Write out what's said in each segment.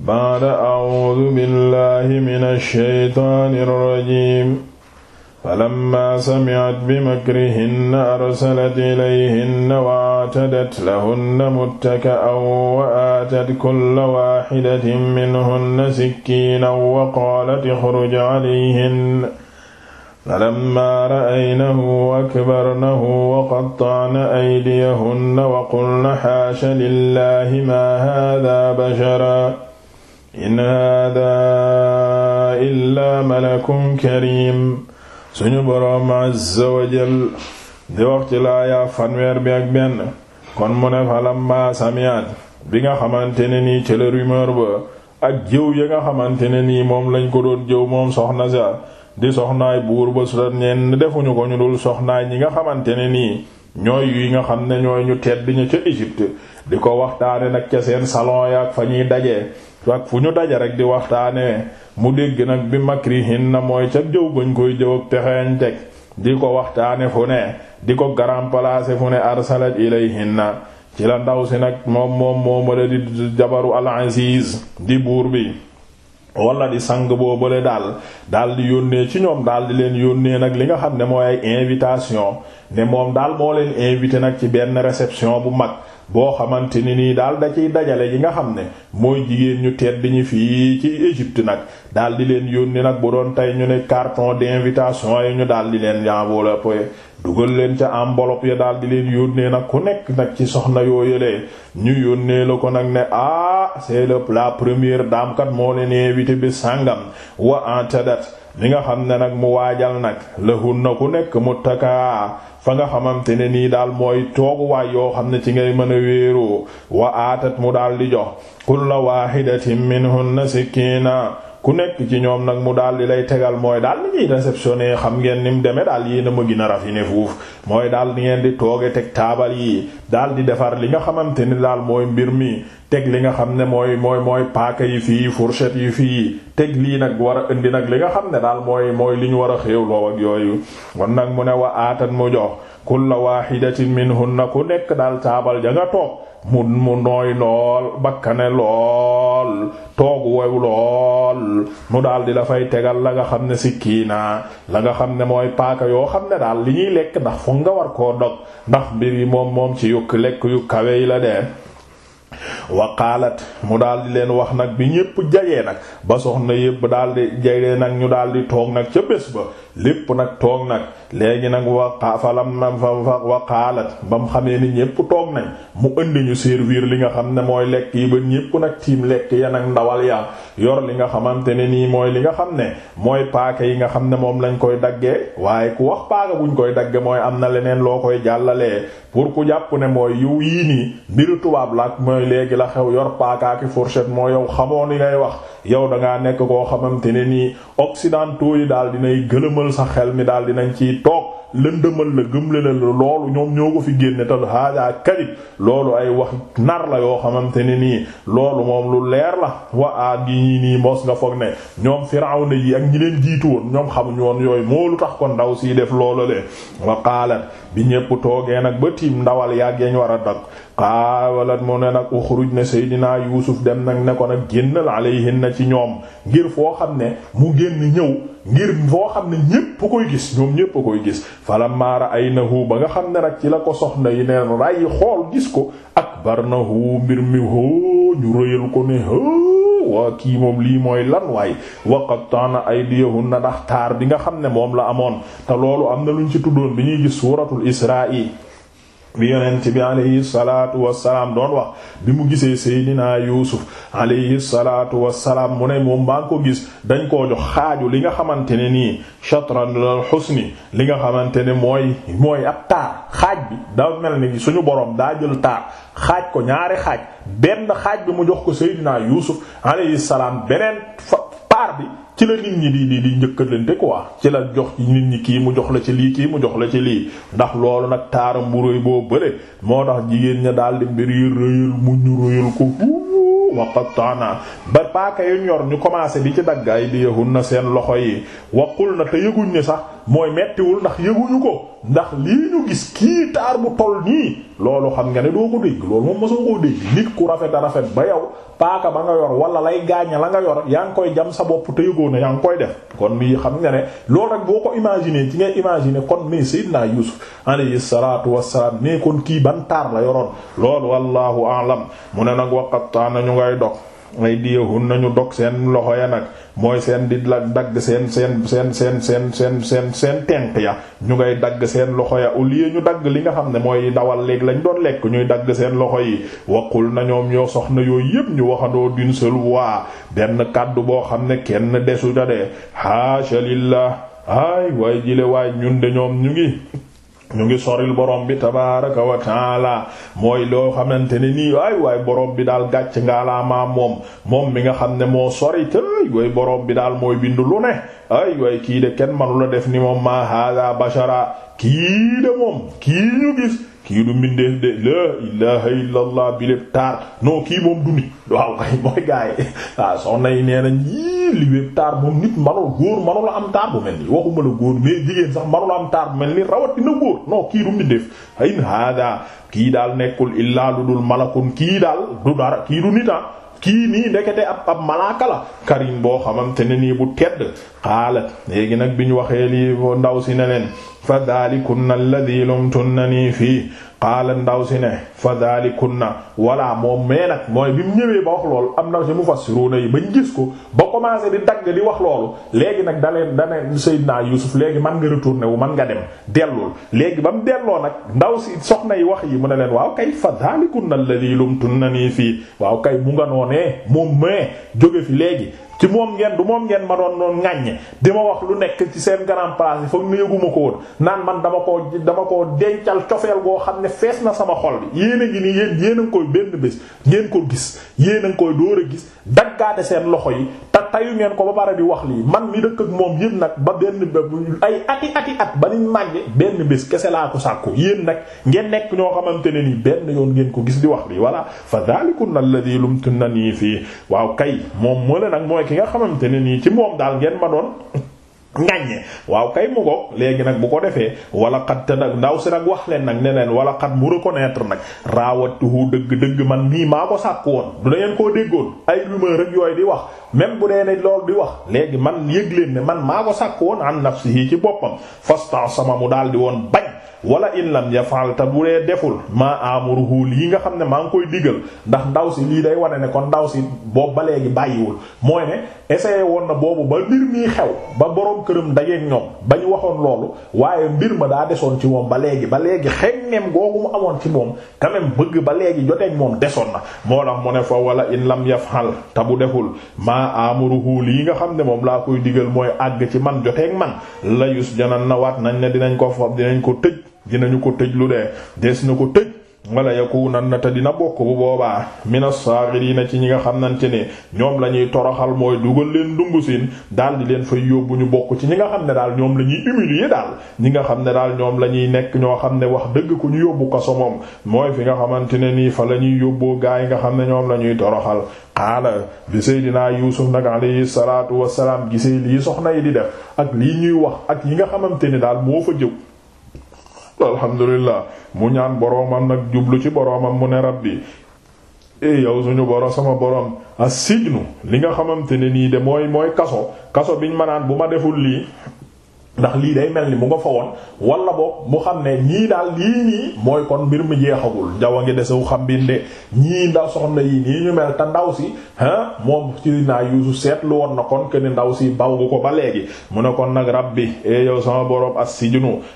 baada audu billahi min alsheytaani alrajim falamma samicat bimakrihinna arsalat ilayhinna wa aatadat lahunna muttaka'an wa aatat kulla waaxidatin minhunna sikkiinan wa qaalat ixruj calayhin falamma ra'aynahu akbarnahu wa qattacna aydiyahunna wa qulna xaasha lillahi maa haadaa basharan in hada illa malakun karim suñu boroom azza wa jal di wax fanweer bi ak benn kon mu ne falamma samiat bi nga xamante ne nii ci la ba ak jëw ya nga xamante ne nii moom lañ ko doon jëw moom soxna sa di soxnaay buur ba su ñenn defuñu ko ñu dul soxnaay ñi nga xamante ne nii ñooy yi nga xam ne ñooy ñu tedd ñu ca Égypte di ko waxtaane nag ca seen salon ya ak fa ñuy dajee ak fu ñu daje rek di waxtaane mu dégg nag bi makrihin na mooy ca jëw bañ koy jëw ak pexeeñ teg di ko waxtaane fu ne di ko grand place fu ne arsalat ilayhinna ci la ndaw si nag moom moom moomala di jabaru al aziz di buur bi wala di sang boobale daal daal di yónnee ci ñoom daal di leen yónnee nag li nga xam ne mooy ay invitation ne moom daal moo leen invité nag ci benn reception bu mag boo xamante ni nii daal da ciy dajale yi nga xam ne mooy jigéen ñu tedd ñi fii ci Égypte nag daal di leen yónnee nag bu doon tey ñu ne carton invitation yi ñu daal di leen enveloppe dugal leen ca enveloppe ya daal di leen yónnee nag ku nekk nag ci soxna yoo yëlee ñu yónnee la ko nag ne ah c'est le la première dame kat moo nee invité bi sàngam wa antadat li nga xam ne nag mu waajal nag lahun na ku nekk mu takaa fa nga xamante ne nii daal mooy tooguwaay yoo xam ne ci ngay mën a wéeroo wa aatat mu daal di jox kulla waahidatin minhunna sikina ku nekk ci ñoom nag mu daal di lay tegal mooy daal ni ñuy réceptionné xam ngeen ni mu demee daal yéen a ma gën a raffiné fuuf mooy daal di ngeen di tooge teg taabal yi daal di defar li nga xamante ni daal mooy mbir mi teg li nga xam ne mooy mooy mooy paaka yi fii fourchette yi fii teg lii nag war a indi nag li nga xam ne daal mooy mooy li ñu war a xéewloo ak yooyu kon nag mu ne waa aatan mu jox kulla waahidatin na ku nekk daal taabal ja nga toog mu mu nooy lool bakkane lool toog woy lool mu daal di la tegal la nga xam ne sikkiina la nga xam ne mooy paaka yoo xam ne daal li ñuy lekk ndax foog nga war koo dog ndax mbir yi moom moom ci yukk lekk yu kawe yi la de waqaalat mu daldi leen wax nag bi ñépp jajee nag ba na yépp daal di jajee nag ñu daldi toog nag ca bés ba lépp nag toog nag léegi nag waqa falam na fa waqaalat ba mu xamee ni ñépp toog nañ mu indi ñu servir li nga xam ne mooy lekk yi ba ñépp nag tiim lekk ya nag ndawal ya yor li nga xamante ne nii mooy li nga xam ne mooy paaka yi nga xam ne moom lañ koy daggee waaye ku wax paaka buñ koy dagge mooy am na leneen loo koy jàllalee pour ku jàpp ne mooy yiw yii nii mbiru tubaab la ak mooy léegi la xew yor paakaaki fourchette moo yow xamoo ni ngay wax yow da ngaa nekk koo xamante ne nii occidentaux yi daal dinay gëlëmal sa xel mi daal dinañ ciy toog lëndëmal la gëmle la loolu ñoom ñoo ko fi génne tal hada kadib loolu ay wax nar la yoo xamante ne nii loolu moom lu leer la wa aad gi nii mos nga foog ne ñoom Firawna yii ak ñi leen jiitu woon ñoom xamuñu woon yooyu moo lu tax ko ndaw si def loolu le wa qaalat bi ñépp toogee nag ba tiim ndawal yàgg yañ war a dag qaawalat mu ne nag uxruj ne Seydina Yuusuf dem nag ne ko nag génnal na ci ñoom ngir foo xam ne mu génn ñëw ngir foo xam ne ñépp a koy gis ñoom ñépp koy gis ay ra'aynahu ba nga xam ne nag ci la ko soxna yi ne ray xool gis ko akbarnahu mbir mi hoo ñu rëyal ko ne waa kii moom lii mooy lan waay wa qatta'na aydiyahunna ndax taar bi nga xam ne moom la amoon te loolu am na luñ ci tuddoon bi ñuy gis suuratul Israa'i bi yonent bi alayhi salaatu wassalaam doon wax bi mu gisee Seydina Yuusuf alayhi salaatu wassalaam mu ne moom maa ngi ko gis dañ koo jox xaaju li nga xamante ne nii shatranul husni li nga xamante ne mooy mooy ab taar xaaj bi daa mel ni suñu boroom daa jël taar xaaj ko ñaari xaaj benn xaaj bi mu jox ko Seydina Yuusuf alayhi salaam beneen fa état bi ci la nit ñi di di di njëkkalante quoi ci la jox ci nit ñi kii mu jox la ci lii kii mu jox la ci lii ndax loolu nag taaram bu rëy boo bële moo tax jigéen ña daal di mbir yi rëyal mu ñu rëyal ko waqattana ba paaka yu ñor ñu commencé bi ci dagg ay diyahun na seen loxo yi waqul na te yëguñ ne sax mooy mettiwul ndax yëguñu ko ndax lii ñu gis kii taar bu toll nii loolu xam nga ne doo ko dégg loolu moom mosoo koo dégg nit ku rafet a rafet ba yow paaka ba nga yor wala lay gaaña la nga yor yaa ngi koy jam sa bopp te yëgoo ne yaa ngi koy def kon lii xam nga ne loolu rek boo ko imaginer ci ngay imaginer kon mais Seydina Yuusuf alayhi salaatu wassalaam mais kon kii ban taar la yoroon loolu wallahu a'lam mu ne nag waqat taa ñu ngay dog ay diyahun nañu dog seen loxo ya nag mooy seen di la dagg seen seen seen seen seen seen seen seen tenk ya ñu ngay dagg seen loxo ya au lieu ñu dagg li nga xam ne mooy dawal léegi lañ doon lekk ñuy dagg seen loxo yi waqul na ñoom ñoo soxna yooyu yépp ñu waxandoo d'une seule voix benn kàddu boo xam ne kenn desu da de haasha lillah ay waay jile waay ñun de ñoom ñu ngi ñu ngi soril borom bi tabaaraka wa taala mooy loo xamante ne nii waay waay borom bi daal gàcc ngaa laa moom moom mi nga xam ne moo sori te yooyu borom bi daal mooy bindu lu ne ay waay kii de kenn manu la def ni moom maa hada bashara kii de moom kii ñu gis kii du mbindeef de la ilaha illallah bi taar non kii moom du nit waaw kay mooy gaay ah, waaw soxna yi nee nañ yii taar moom nit manul góor manul am taar bu mel ni waxuma la góor mais jigéen sax manul am taar bu mel ni rawatina góor non kii du mbindeef ay hada kii daal nekkul illaa lu dul malakun kii daal du dara kii du nit ah kii nii ndekete ab ab malaaka la karim boo xamante ne nii bu tedd xaala léegi nag bi ñu waxee lii ndaw si ne leen fa daalikunna alladi lumtunnani fii qaala ndaw si ne fa dalikunna walla moom mee nag mooy bi mu ñëwee ba wax loolu am na si mufassiruna yi bañ gis ko ba commencé di dagg di wax loolu léegi nag daleen dane Seydina Yuusuf léegi man nga retourné wu man nga dem dellul léegi ba mu delloo nag ndaw si soxna yi wax yi mu ne leen waaw kay fa dalikunna alladhi lumtunnani fii waaw kay mu nga noonee moom mee jóge fi léegi ci moom ngeen du moom ngeen ma doon noon ŋàññe di ma wax lu nekk ci seen grand place yi foog ko woon fees na sama xol bi yéen a ngi nii yéen yéen a ngi koy benn bés ngeen ko gis yéen a ngi koy door a gis daggaate seen loxo yi ta tayu ngeen ko ba pare bi wax lii man mi dëkk ak moom yépp nag ba benn ay ati at ba niñ màgge benn bés kese laa ko sàkku yéen nag ngeen nekk ñoo xamante ne nii benn yoon ngeen ko gis di wax lii voilà fa dalikun na lumtunani fii waaw kay moom moo la nag mooy ki nga xamante ne nii ci moom daal ngeen ma doon ngaññe waaw kay mu goog léegi nag bu ko defee wala xat te nag ndaw si nag wax leen nag ne leen wala xat mu reconnaître nag raawatuhu dëgg dëgg man nii maa ko sàkk woon du da koo déggoon ay rumeur rek yooyu di wax même bu dee ne lool di wax léegi man yëg leen ne man maa ko sàkk woon an nafsihi ci boppam fastan sama mu daal di woon bañ wala in lam yafal te bu dee deful maa amuruhu yi nga xam ne maa ngi koy digal ndax ndaw si lii day wane ne kon ndaw si boobu ba léegi bàyyiwul mooy ne essayé woon na ba mbir boroom këram dajeeg ñoom ba ñu waxoon loolu waaye mbir ma daa desoon ci moom ba léegi ba léegi xeññeem googu mu amoon ci moom quand même bëgg ba léegi joteeg moom desoon na moo tax mu ne fa wala in lam yafhal ta bu deful maa amuruhu yi nga xam ne moom laa koy digal mooy àgg ci man joteeg man layus janan na waat nañ ne dinañ ko fob dinañ ko tëj dinañu ko tëj lu dee des na ko tëj wala yakunan na te dina bokk bu boobaa mina saagiriina ci ñi nga xam xamante ne ñoom la ñuy toroxal mooy dugal leen dungu siin daal leen fa yóbbu ñu bokk ci ñi nga xam ne daal ñoom la ñuy ñi nga xam ne daal ñoom la ñuy nekk ñoo xam ne wax dëgg ku ñu yóbbu kaso moom mooy fi nga xamante ne nii fa la ñuy yóbboo gaa yi nga xam ne ñoom la ñuy toroxal xaala bi seydinaa yuusuf nag alayhi salaatu wassalaam gisee lii soxna yi di def ak lii ñuy wax ak yi nga xamante ne daal moo fa jëw alhamdulillah mu ñaan boroomam nag jublu ci boroomam mu ne bi e eh, yow ñu borom sama borom as sijnu li nga xamante ne nii de mooy mooy kaso kaso bi ma naan bu ma deful lii ndax lii day mel ni mu nga fa woon wala boog mu xam ne ñii daal lii nii mooy kon mbir mu jeexagul jaw a ngi desewu xam mbir de ñii ndaw soxna yi nii ñu mel te ndaw si ah moom ci naa woon na kon que ndaw si baw ko ba léegi mu ne nag rabbi e yow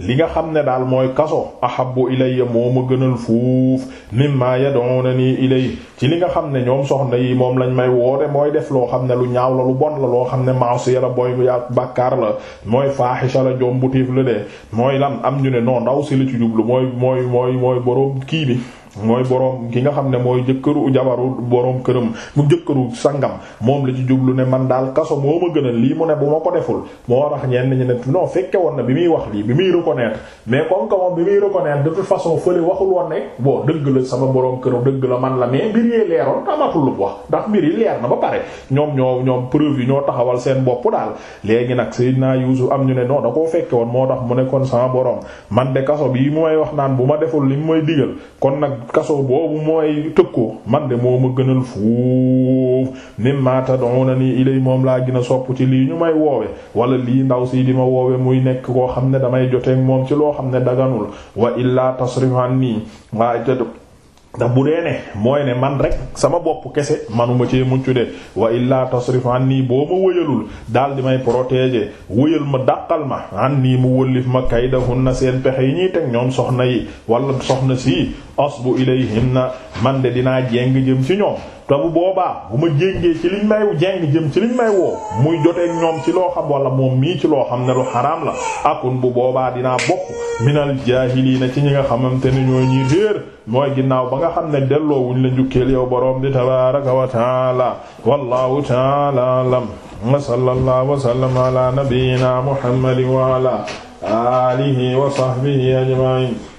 li nga xam ne daal mooy kaso ahabbu ilayya moo ma gënal fuuf mimma yad'unani ilay ci li nga xam ne ñoom soxna yi moom lañ may woote mooy def loo xam ne lu ñaaw la lu bon la loo xam ne maasiya la booy bàkkaar la mooy faa faaxisha la jombuteef la de mooy lan am ñu ne noo ndaw si la ci jublu mooy mooy mooy mooy boroom kii bi mooy boroom ki nga xam ne mooy jëkkëru jabaru boroom këram mu jëkkëru sangam moom la ci jublu ne man daal kaso moo ma gënal lii mu ne bu ma ko deful moo tax ñenn ñi ne non fekke woon na bi muy wax lii bi muy reconnaître mais comme que moom muy reconnaître de toute façon fële waxul dëgg la sama boroom këram dëgg la man la mais mbir yee leeroon ndax mbir yi ñoom ñoo ñoom preuve taxawal seen bopp daal léegi nag Seydina Yuusuf am ñu ne non da koo fekke moo tax mu ne kon sama boroom man de kaso bi mu may wax naan bu ma deful li mu may digal kon nag kaso boobu mooy tëkkoo man de moo ma gënal fuuf mimma tad'unani ilay moom laa gën a sopp ci lii ñu may woowe wala lii ndaw si di ma woowe muy nekk koo xam ne damay joteeg moom ci loo xam ne daganul wa illaa tasrif nii waaye ndax bu dee ne mooy ne man rek sama bopp kese manuma cee muccu de wa illaa tasrif nii boo ma wëyalul daal di may protéger wëyal ma dàqal ma anni mu wëllif ma kaydahunna seen pexe yi ñuy teg ñoom soxna yi wala soxna sii asbu ilayhinna man de dinaa jéng jëm ci ñoom te bu boobaa bu ma jéngee ci liñ may jéng jëm ci liñ may woo muy joteeg ñoom ci loo xam wala moom mii ci loo xam ne lu xaraam la akun bu boobaa dinaa bokk minal jaahiliina ci ñi nga xamante ne ñoo ñi réer mooy ginnaaw ba nga xam ne delloowuñ la njukkeel yow boroom di tabaaraka wa taala wallahu taala alam wa sallallahu wa sallam ala nabiyyina muhammadin wa ala alihi wa sahbihi ajma'in